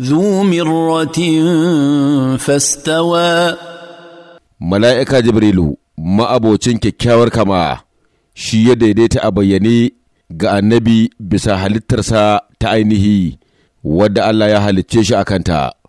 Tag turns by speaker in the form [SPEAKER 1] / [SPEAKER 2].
[SPEAKER 1] ذو مرة فاستوى
[SPEAKER 2] ملائكة جبريل ما أبو تنك كاور كما shi ya daidaita a bayyane ga annabi bisa halittarsa ta ainihi wadda Allah ya
[SPEAKER 3] halicce shi a kanta.